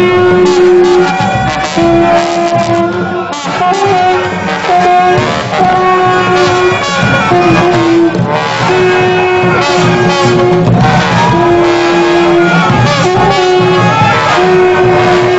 you